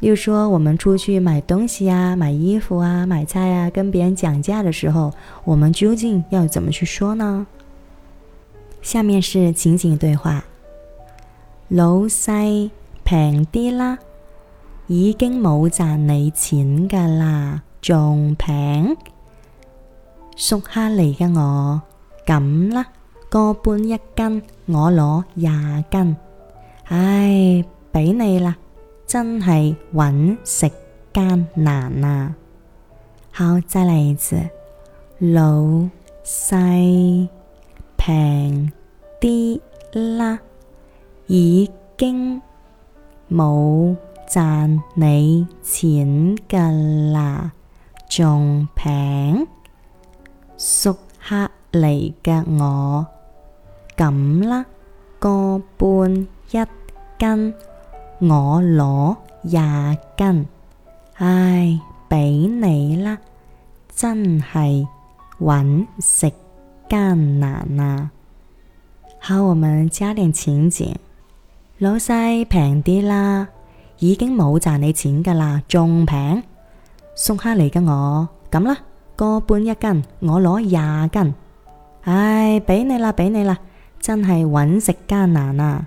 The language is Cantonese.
又說，我們出去買東西呀、啊、買衣服啊、買菜啊，跟別人講價的時候，我們究竟要怎麼去說呢？下面是情景對話：老細平啲啦，已經冇賺你錢噶啦，仲平？熟客嚟嘅我，咁啦，個半一斤，我攞廿斤，唉，畀你啦。真係揾食艱難啊！好，再嚟一次，老細平啲啦，已經冇賺你錢噶啦，仲平，熟客嚟嘅我，咁啦，個半一斤。我攞廿斤，唉，畀你啦！真係揾食艱難啊！好，我們加點錢錢，老細平啲啦，已經冇賺你錢噶啦，仲平，熟客嚟嘅我，咁啦，個半一斤，我攞廿斤，唉，畀你啦，畀你啦，真係揾食艱難啊！